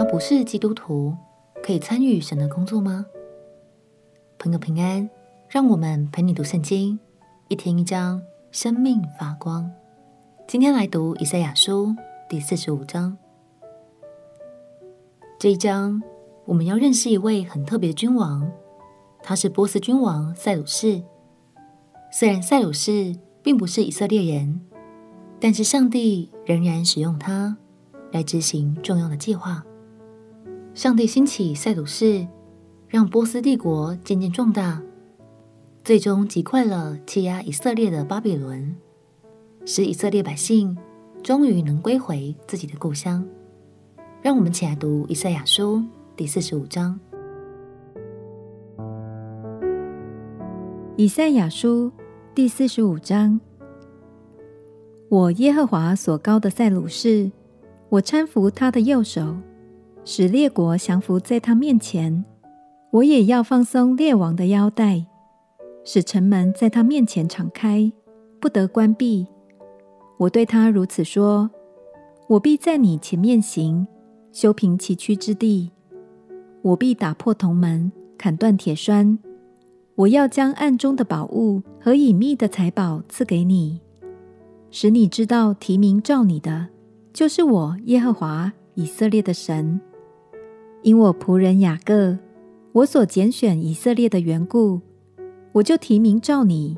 他不是基督徒，可以參與神的工作嗎？朋友平安，讓我們陪你讀聖經，一天一章，生命發光。今天來讀以賽亞書第四十五章。這一章我們要認識一位很特別的君王，他是波斯君王塞魯士。雖然塞魯士並不是以色列人，但是上帝仍然使用他來執行重要的計劃。上帝興起塞魯士，讓波斯帝國漸漸壯大，最終擊潰了欺壓以色列的巴比倫，使以色列百姓終於能歸回自己的故鄉。讓我們起來讀《以賽亞書》第四十五章。《以賽亞書》第四十五章：我耶和華所膏的塞魯士，我攙扶他的右手，使列國降伏在他面前，我也要放鬆列王的腰帶，使城門在他面前敞開，不得關閉。我對他如此說：“我必在你前面行，修平崎嶇之地。我必打破銅門，砍斷鐵閂。我要將暗中的寶物和隱祕的財寶賜給你，使你知道，提名召你的就是我耶和華以色列的神。”因我僕人雅各，我所揀選以色列的緣故，我就提名召你。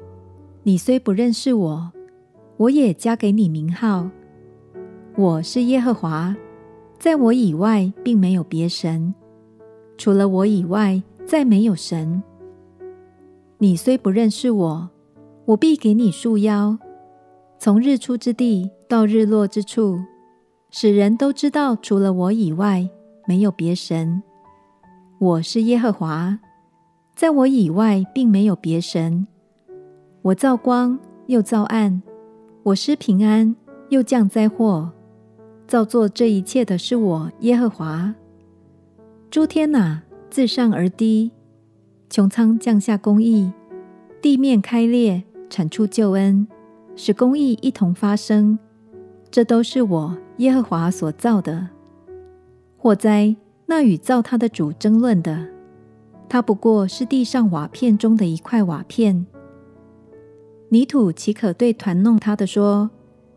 你雖不認識我，我也加給你名號。我是耶和華，在我以外並沒有別神，除了我以外再沒有神。你雖不認識我，我必給你束腰，從日出之地到日落之處，使人都知道除了我以外。沒有別神，我是耶和華，在我以外並沒有別神。我造光又造暗，我施平安又降災禍，造作這一切的是我耶和華。諸天哪、啊，自上而滴，穹蒼降下公義，地面開裂產出救恩，使公義一同發生，這都是我耶和華所造的。禍哉，那與造他的主爭論的，他不過是地上瓦片中的一塊瓦片。泥土豈可對摶弄他的說：“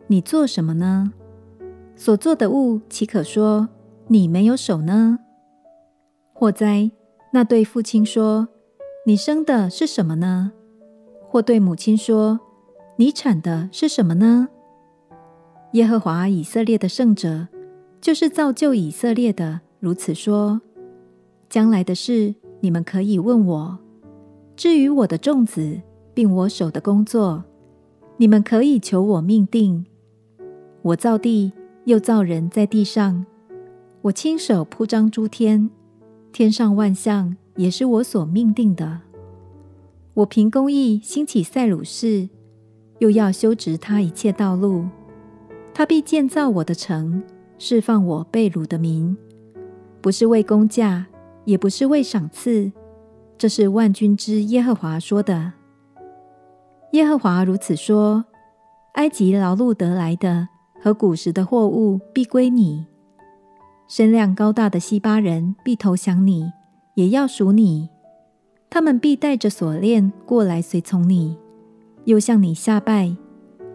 你做什麼呢？”所做的物豈可說：“你沒有手呢？”禍哉，那對父親說：“你生的是什麼呢？”或對母親說：“你產的是什麼呢？”耶和華以色列的聖者。就是造就以色列的。如此說，將來的事你們可以問我。至於我的眾子，並我手的工作，你們可以求我命定。我造地，又造人在地上；我親手鋪張諸天，天上萬象也是我所命定的。我憑公義興起塞魯士，又要修直他一切道路，他必建造我的城。釋放我被擄的民，不是為工價，也不是為賞賜。這是萬軍之耶和華說的。耶和華如此說：埃及勞碌得來的和古時的貨物必歸你，身量高大的西巴人必投降你，也要屬你。他們必帶着鎖鏈過來隨從你，又向你下拜，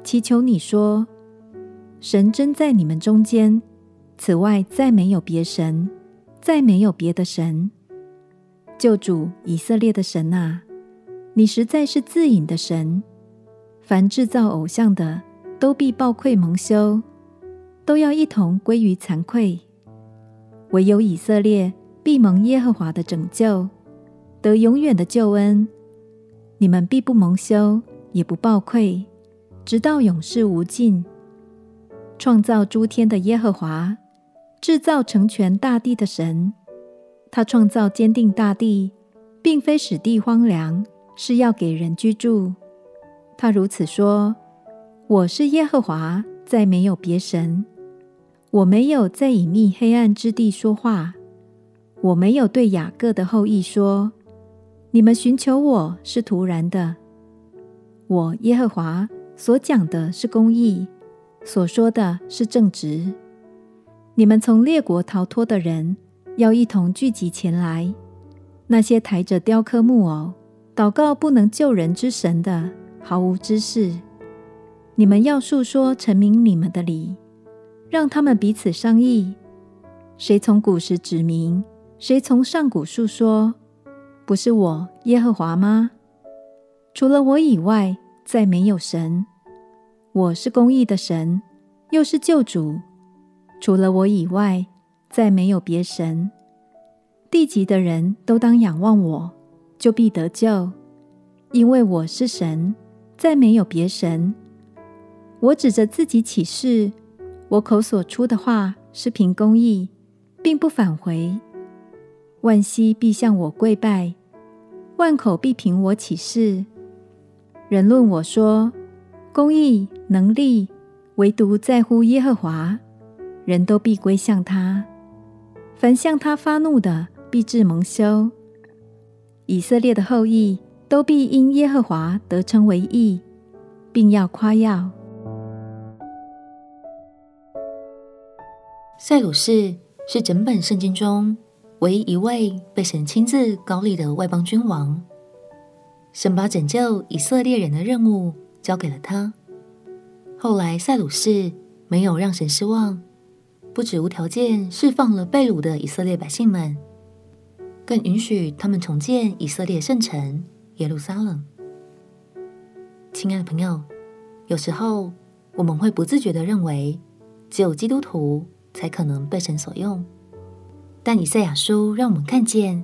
祈求你說：神真在你們中間。此外，再沒有別神，再沒有別的神。救主以色列的神啊，你實在是自隱的神。凡製造偶像的，都必抱愧蒙羞，都要一同歸於慚愧。唯有以色列必蒙耶和華的拯救，得永遠的救恩。你們必不蒙羞，也不抱愧，直到永世無盡。創造諸天的耶和華。製造成全大地的神，他創造堅定大地，並非使地荒涼，是要給人居住。他如此說：“我是耶和華，再沒有別神。我沒有在隱秘黑暗之地說話，我沒有對雅各的後裔說：你們尋求我是徒然的。我耶和華所講的是公義，所說的是正直。”你們從列國逃脫的人，要一同聚集前來。那些抬着雕刻木偶、禱告不能救人之神的，毫無知識。你們要述說陳明你們的理，讓他們彼此商議：誰從古時指明？誰從上古述說？不是我耶和華嗎？除了我以外，再沒有神。我是公義的神，又是救主。除了我以外，再沒有別神。地極的人都當仰望我，就必得救，因為我是神，再沒有別神。我指着自己起誓，我口所出的話是憑公義，並不返回。萬膝必向我跪拜，萬口必憑我起誓。人論我說，公義能力，唯獨在乎耶和華。人都必歸向他，凡向他發怒的，必致蒙羞。以色列的後裔都必因耶和華得稱為義，並要誇耀。塞魯士是整本聖經中唯一一位被神親自膏立的外邦君王，神把拯救以色列人的任務交給了他。後來，塞魯士沒有讓神失望。不止無條件釋放了被擄的以色列百姓們，更允許他們重建以色列聖城耶路撒冷。親愛的朋友，有時候我們會不自覺地認為，只有基督徒才可能被神所用。但以賽亞書讓我們看見，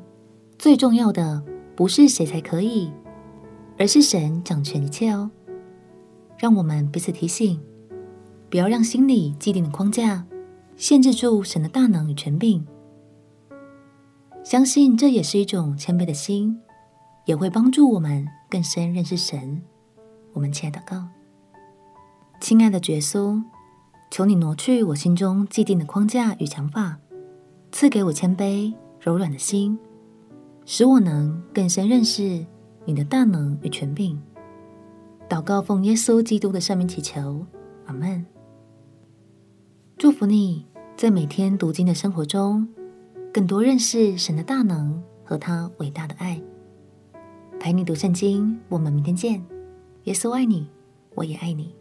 最重要的不是誰才可以，而是神掌權一切哦。讓我們彼此提醒，不要讓心裡既定的框架，限制住神的大能與權柄，相信這也是一種謙卑的心，也會幫助我們更深認識神。我們起來禱告，親愛的耶穌，求你挪去我心中既定的框架與想法，賜給我謙卑柔，柔軟的心，使我能更深認識你的大能與權柄。禱告奉耶穌基督的聖名祈求，阿門。福你，在每天讀經的生活中，更多認識神的大能和他偉大的愛。陪你讀聖經，我們明天見。耶穌愛你，我也愛你。